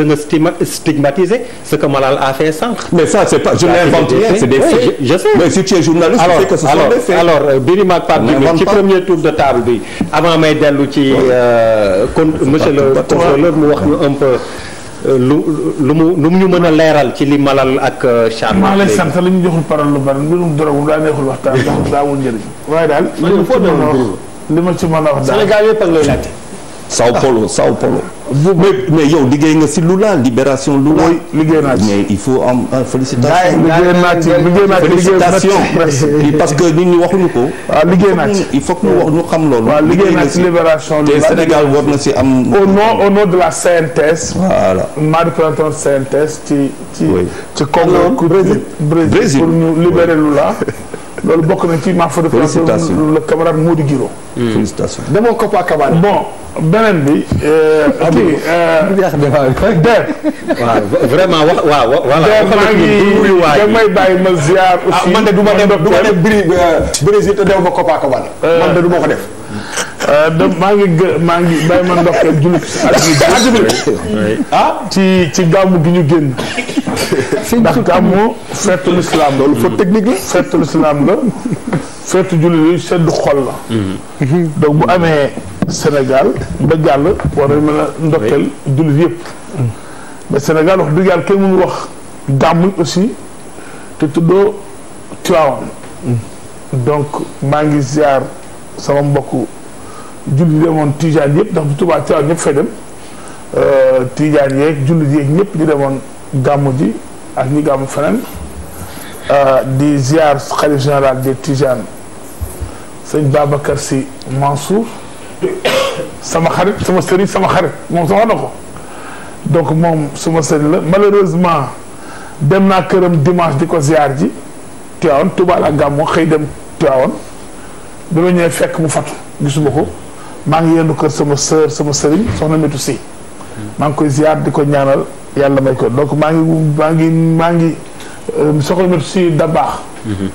da nga stigmatiser ce que Malal a fait mais c'est pas je l'invente rien c'est que ce euh, premier tour de table bi avant may dellu ci kon euh, monsieur mu wax ñu un peu. Euh, lu mu lu mu ñu mën a leeral ci li Malal ak Charles. maa lay sant li ñu joxul parole lu bari mbirum dorogu daa neexul waxtaan ndax daa amul njëriñ. waaye li ma ci mën a wax daal Sénégal yëpp ak lay laajte. Sao Paulo Sao Paulo. vous yow liggéey nga si lu Lula libération Lula. liggéey naa ci mais il faut am euh, félicitation. félicitation parce que nit ñi waxuñu ko. waaw liggéey naa ci il faut que ñu wax ñu xam loolu. waaw liggéey naa ci libération Lula te Sénégal war na si am. au nom au nom de la ma voilà maa représentant CNTS ci ci. ci Congo Brésil pour ñu libérer Lula. loolu bokk na ci ma. félicitation le camarade Modou beneen bi. Euh, kii euh, der. waaw vraiment wax waaw voilà. maa ngi damay bàyyi ma ziar. Ah, aussi man de du ma dem du ma dem Brésil euh, te dem fa Copacabana. man de du ma ko def. da maa ngi gë maa ngi bàyyi ma ndox ak jullit ah ci ci gàmmu gi ñu génn. ndax gàmmu feetu lislaam la. loolu fa technique la feetu lislaam la. feetu jullit yi sedd xol la. Mhm. donc bu amee. Sénégal ba jàll war nañ mën a ndokkeel jullit yëpp mais Sénégal wax dëgg yàlla kenn mënu wax gàmm aussi te tuddoo maa ngi ziar sama mbokk jullit demoon Tijaan yëpp ndax bu Tuubaa Tiwaawan ñëpp fay dem euh, Tijaan yeeg jullit yeeg ñëpp ñu demoon gàmm ji ak ñi gàmm feneen euh, di ziar xalif général des Tijaan sëñ Babacar Sy Mansour sama xarit sama sëriñ sama xarit moom sama na ko donc moom suma sëriñ la malheureusement dem naa këram dimanche di ko ziar ji Tiwaawan Tuubaa ak gàmmu xëy dem Tiwaawan bi ñëwee fekk mu fatu gisuma ko maa ngi yendu kër sama sœur sama sëriñ soxna métu si maa ngi koy ziar di ko ñaanal yàlla may ko donc maa ngi maa ngi maa ngi euh, soxna da baax mm-hmm.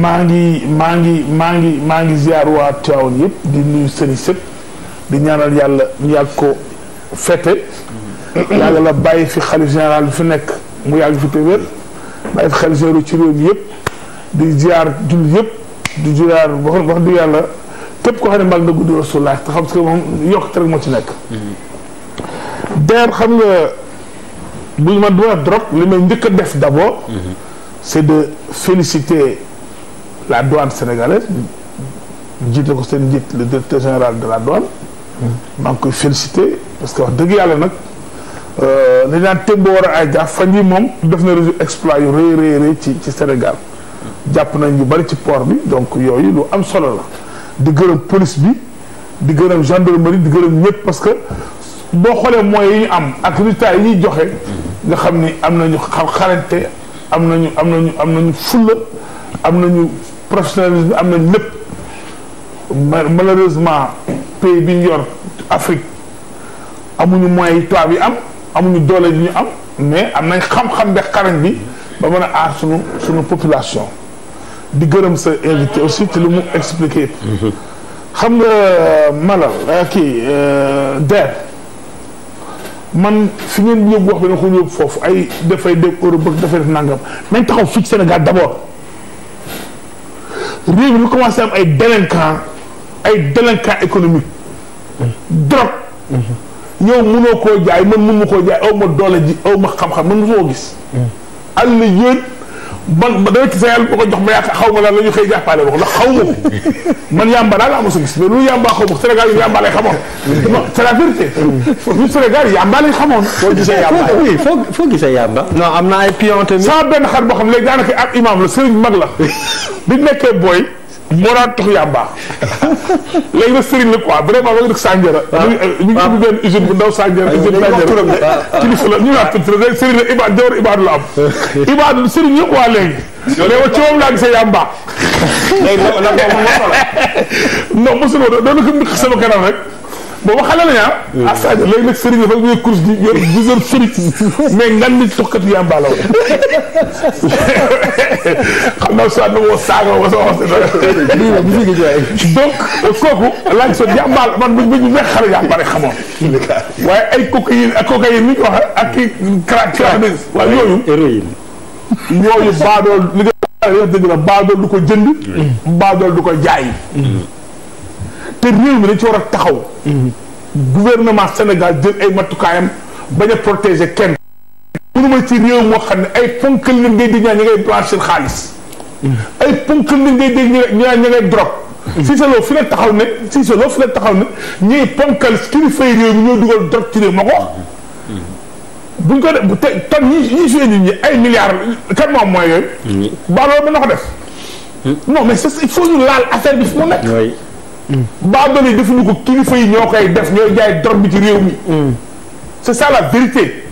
maa ngi maa ngi maa ngi maa ngi ziar waa Tiwaawan yëpp di nuyu sëriñ sëpp di ñaanal yàlla ñu yàgg ko fete yàlla la bàyyi fi xalif général bi fi nekk mu yàgg fi te wér bàyyi fi xalif général ci réew mi yëpp di ziar jullit yëpp di ziar wax wax di yàlla képp ko xam ne mbal na guddi rasulullah te xam si moom yokk rek moo ci nekk der xam nga bu ma duma drogue li may njëkk a def d'abord c'est de féliciter la douane sénégalaise jiite ko seen njiit le directeur général de la douane maa ngi koy félicité parce que wax dëgg yàlla nag euh, dañ naan boo war a ay jaaf fan yi moom def na réseau exploit yu rëy rëy ci ci Sénégal jàpp nañ ñu bari ci port bi donc yooyu lu am solo la di gërëm police bi di gërëm gendarmerie di gërëm ñëpp parce que boo xoolee mooy yi ñu am ak résultats ñuy joxe nga xam ni am nañu xam xarante am nañu am nañu am nañu fulla am nañu professionnalisme am nañ lépp malheureusement pays bi ñu yor Afrique amuñu moyens yi tubaab am amuñu doole ji ñu am mais am nañ xam-xam be xarañ bi ba mën a aar sunu sunu population di gërëm sa invité aussi te lu mu expliqué. xam nga mala euh, kii euh, der man fi ngeen yóbbu wax bi na ko yóbbu foofu ay dafay def Europe ak dafay def nangam nañ taxaw fii ci Sénégal d'abord réew mi lu commencé am ay délinquants ay délinquant économique drogue yow mënoo koo jaay man mënu koo jaay aw ma doole ji aw ma xam-xam man mosoo gis àll yéen man dama ci sa yàlla ba ko jox ma yaakaar xaw ma la la ñu xëy jàppaale wax ndax xaw ma ko man yàmba daal laa mos a gis mais lu yàmba xaw ma Sénégal yu yàmba lay xamoon non c'est la vérité lu Sénégal yàmba lay xamoon foo gisee yàmba oui foo foo gisee yàmba non am na ay pion tamit saa benn xar boo xam léegi daanaka ab imam la sëriñ mag la bi nekkee booy moo daan tox yàmba léegi nag sëriñ la quoi vraiment ba nga dëkk Sandiara ah, ñu ngi euh, ah. ubbi benn usine bu ndaw Sandiara ah, usine Sandiara kilifa la ñu naan tudd sëriñ la Ibaad jawar Ibaadu la am Ibaadu sëriñ yëpp waa léegi léegi ci moom laa gisee yàmba léegi non mosul woon doon ko sama kanam rek booba xale la ñu ah. Hmm. ah. Sadio léegi nag Serigne dafa ñuy course di yor viseur Serigne mais ngan nit soxkat yi xam naa soit na woo saaga woo sa wax donc euh, kooku laaj sot yàmbaal man bu ñu weex xale yàmbaale xamoon ak i crack waaye yooyu héroïne yooyu baadool li nga dëgg la du ko jënd hmm. baadool du ko jaay hmm. te réew mi dañ ci war a taxaw. gouvernement Sénégal jël ay matukaayam bañ a protéger kenn. mënu ma ci réew moo xam ne ay ponkal lañ ngay dégg ñaa ña ngay blanchir xaalis. ay ponkal lañ ngay dégg ñaa ña ngay si Cissé Lo fi la taxaw ne Cissé Lo fi la taxaw ne ñiy ponkal kilifa yi mi ñoo dugal drogue ci réew ma ko wax. buñ ko def te ton ñi ñi suy nit ñi ay milliards kan moom mooy yooyu. ba loolu na ko def. Hmm. non mais c'est il faut ñu laal affaire bi fu mu nekk. baadoola yi defuñu ko kilifa yi ñoo koy def ñooy jaay drogue bi ci réew mi. Mm. c'est ça la vérité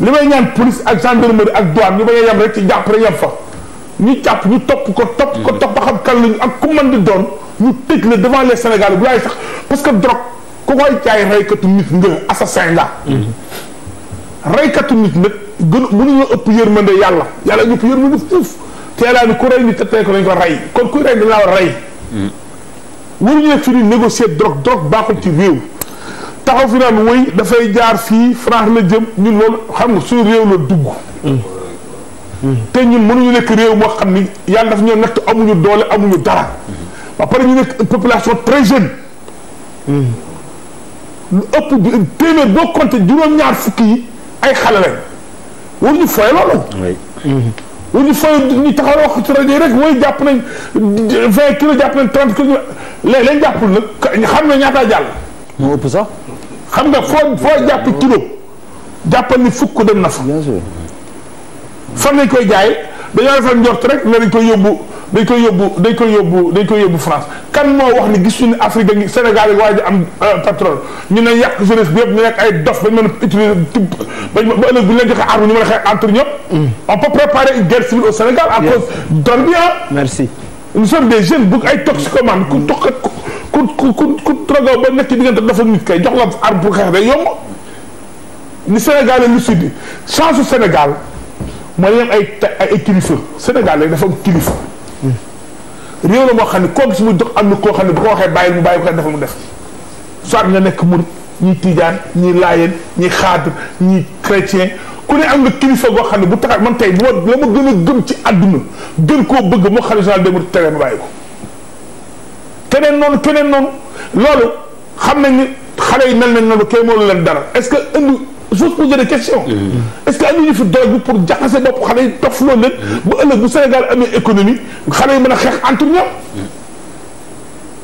li may ñaan police ak gendarmerie ak douane ñu bañ a yem rek ci jàpp rek yem fa ñu jàpp ñu topp ko topp ko topp ba xam kan lañu ak ku mën di doon ñu tëj la parce que drogue ku koy jaay reykatu nit nga assassin nga. Mm. reykatu nit nag gën mënuñu ëpp yërmande yàlla yàlla ñu ëpp yërmande fuuf teelaa ni ku rey nit ko rey kon ku rey dañ laa war rey. Mm. waruñu nekk fi ñuy négocier drogue drogue baaxul ci réew taxaw fi naan wéy dafay jaar fii France la jëm ñun loolu xam nga suñu réew la dugg. te ñun mënuñu nekk réew moo xam ni yàlla daf ñoo natt amuñu doole amuñu dara. ba pare ñu nekk une population très jeune. lu ëpp bi téeméer boo ñaar fukki yi ay xale lañ waruñu fooy loolu. wu ñu fooy ñu taxaw wax ci rajo yi rek mooy jàpp nañ vingt kilos jàpp nañ trente kilos léegi lañ jàppul nag xam nga ñaataa jàll. moo ëpp sax. xam nga foo foo jàpp kilo jàppal ni fukk dem na fa. bien sûr. fan lañ koy jaay dañoo defal njort rek ne dañ koy yóbbu. dañ koy yóbbu dañ koy yóbbu dañ koy yóbbu France kan moo wax ni gis ñu ne Afrique dañuy Sénégal waaye di am euh, pétrole ñu ne yàq jeunesse bi yëpp ñu nekk ay dof bañ mën a utiliser bañ ba ëllëg bu ñu leen joxe arme ñu mën a xeex entre ñëpp. Mm. on une guerre civile au Sénégal. à cause bi merci nous sommes des jeunes bugg ay toxicomanes. ku toxat ku ku ku ku drogué ba nekk ci diggante dof ak nit kay jox la arme pour xeex day yomb ni Sénégal lu sud chance su Sénégal mooy yem ay ay kilifa Sénégal dafa réew la moo xam ne koo gis muy dox am na koo xam ne bu ko waxee bàyyi mu bàyyi ko defal mu def soit nga nekk murit ñi tijaan ñi laayeen ñi xaadir ñi chrétien ku ne am nga kilifa goo xam ne bu taxaw man tey bu ma gën a gëm ci àdduna gën koo bëgg moo xam ne général de murit tere ma ko keneen noonu keneen noonu loolu xam nañ ni xale yi mel nañ noonu kenn moo leen dara est-ce que j'ose poser des questions. est-ce que am nañu fi doole bi pour jaxase bopp xale yi tof loolu leen. ba ëllëg bu Sénégal amee économie xale yi mën a xeex entre ñoom.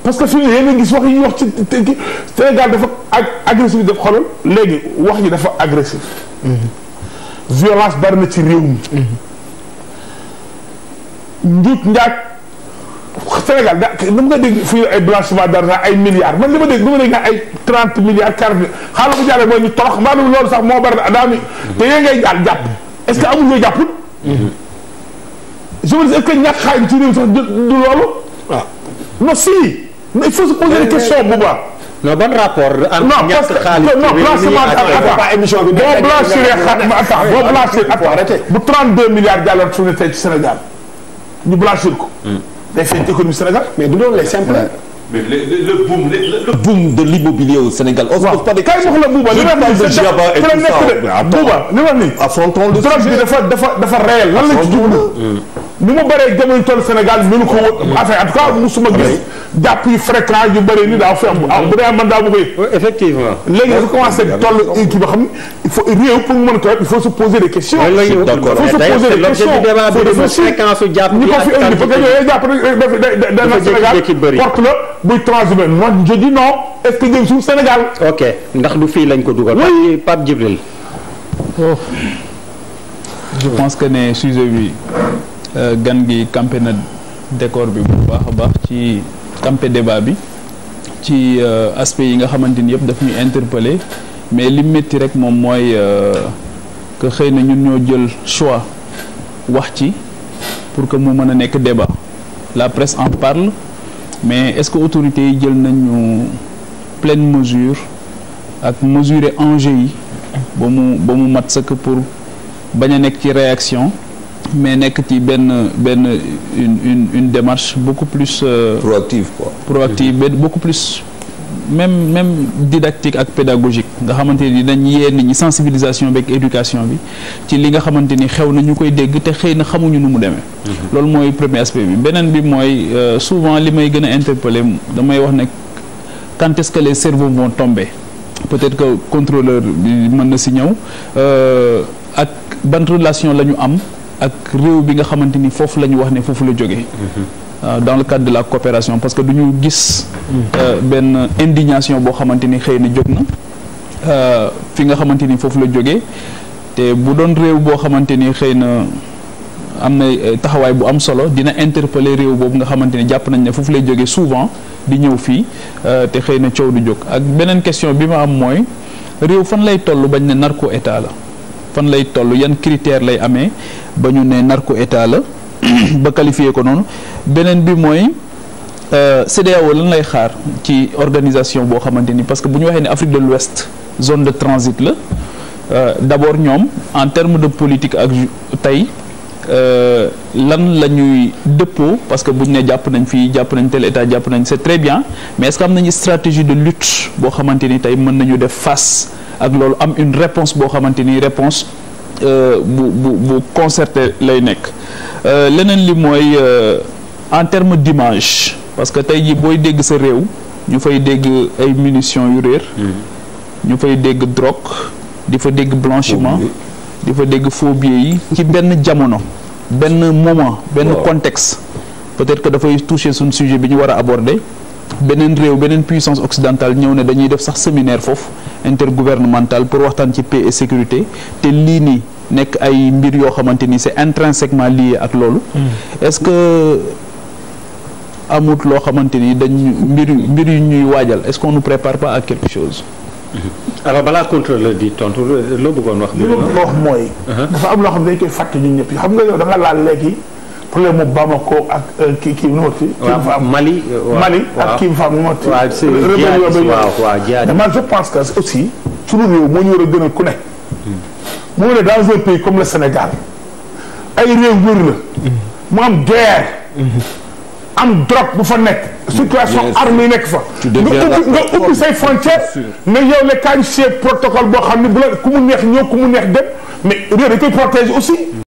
parce que fi mu ne yéen a ngi gis wax yi wax ci kii Sénégal dafa ag agressif def xoolal léegi wax yi dafa agressif. Mm-hmm. violence bari na ci réew mi. Mm-hmm. njuut njaaj. Sénégal da nu nga dégg fu ñu ay blanchiment d'argent ay milliards man li ma dégg nu ma dégg ay trente milliards quarante xaaral bu jàllee mooy ñu torox maanaam loolu sax moo bari daanu te yéen ngay daal jàpp est-ce que amul ñoo jàppul je me dis est-ce que ñàkk xaalis ci réew sax du loolu waaw ah. non si il faut se poser des questions bu baax non ban rapport. am ñàkk xaalis non blanchiment émission bi. boo blanchiree xaalis ma attaque boo blanchir attaque bu 32 milliards jàlloon suñu tey ci Sénégal ñu blanchir ko. Hmm. day feeñ économie Sénégal. mais du loolu lay simple. mais le le le boom de l'immobilier au Sénégal. on se pose pas de questions waaw kay wax la Bouba li ma nii affrontons le sujet bi dafa dafa dafa réel lan la ci jublu. Mm. ni mu bëree jamono toll Sénégal mënu ko woon. Mm. affaire en tout jàpp yu fréquent yu bëri ni daaw fi am. Ah, bu dee man daa bëgg a effectivement léegi dafa commencé toll kii ba xam ne il faut réew pour mu mën ko il faut se poser des questions. d' accord mais day c' est l' objet su porte la buy transhumé man je dis non est que jëm suuf Sénégal. ok ndax lu fii lañ ko dugal. oui par Djibril. Oh. je pense que ne sujet bi euh, gan gi campé na décor bi bu baax a baax ci. campé débat bi ci euh, aspect yi nga xamante ni yëpp daf ñu interpellé mais li métti rek moom mooy euh, que xëy na ñun ñoo jël choix wax ci pour que mu mën a nekk débat la presse en parle mais est-ce que autorités yi jël nañu pleine mesure ak mesurer enjeu yi ba mu ba mu mat sëkk pour bañ a nekk ci réaction mais nekk ci benn benn une une une démarche beaucoup plus. Euh, proactive mhm. benn beaucoup plus même même didactique ak pédagogique nga xamante ni dañ yee nit ñi sensibilisation beeg éducation bi ci li nga xamante ni xew na ñu koy dégg te xëy na xamuñu nu mu demee. Mhm. loolu mooy premier aspect bi beneen bi mooy euh, souvent li may gën a interpellé damay wax ne quand est-ce que les cerveaux vont tomber peut-être que contrôleur bi mën na si ñëw euh, ak ban relation la ñu am. ak réew bi nga xamante ni foofu la ñu wax ne foofu la jóge euh, dans le cadre de la coopération parce que du ñu gis. Mm-hmm. Euh, benn indignation boo xamante ni xëy na jóg na euh, fi nga xamante ni foofu la jóge te bu doon réew boo xamante ni xëy na am na taxawaay bu am solo dina interpeller réew boobu nga xamante ni jàpp nañ ne foofu lay jógee souvent di ñëw fii te xëy na coow du jóg ak beneen question bi ma am mooy réew fan lay toll bañ ne narco état la. fan lay toll yan critère lay amee ba ñu ne narco état la ba qualifier ko noonu beneen bi mooy euh, CEDEAO lan lay xaar ci organisation boo xamante ni parce que bu ñu waxee ne Afrique de l'Ouest zone de transit la euh, d'abord ñoom en terme de politique ak tey euh, lan la ñuy dëppoo parce que bu ñu ne jàpp nañ fii jàpp nañ tel état jàpp nañ c'est très bien mais est am nañu stratégie de lutte boo xamante ni tey mën nañu def face ak loolu am une réponse boo xamante ni réponse euh, bu bu bu concerté lay nekk euh, leneen li mooy euh, en terme d'image parce que tey jii booy dégg sa réew ñu fay dégg ay munitions yu réer mm-hmm. ñu fay dégg drogue di fa dégg blanchiment di fa dégg faux billets yi ci benn jamono benn moment benn contexte peut-être que dafay toucher suñu sujet bi ñu war a aborder beneen réew beneen puissance occidentale ñëw ne dañuy def sax séminaire foofu intergouvernemental pour waxtaan ci paix et sécurité te lii nii nekk ay mbir yoo xamante ni c'est intrinsèquement lié ak loolu. Mm. est-ce que amut loo xamante ni dañ mbir mbir yu ñuy waajal est-ce qu'on nous prépare pas à quelque chose. alors balaa contrôle di tontu loo bëggoon wax. li ma a wax mooy. Uh-huh. dafa am loo xam ne dañ koy fàtte ñun ñëpp xam nga yow da nga laal léegi. problème mu Bamako ak kii kii nooti. waaw Mali Mali ak kii Mfam nooti. waaw c'est le man je pense que aussi. sunu réew moo ñu war a gënal ku ne. Hmm. moo ne dans un pays comme le Sénégal ay réew wër la. Hmm. mu am guerre. Hmm. am drogue bu fa nekk. situation armée yi nekk fa. nga ubbi nga ubbi say frontière. mais yow le kañ protocole boo xam ne bu la ku mu neex ñëw ku mu neex dem mais réew dañ koy protéger aussi.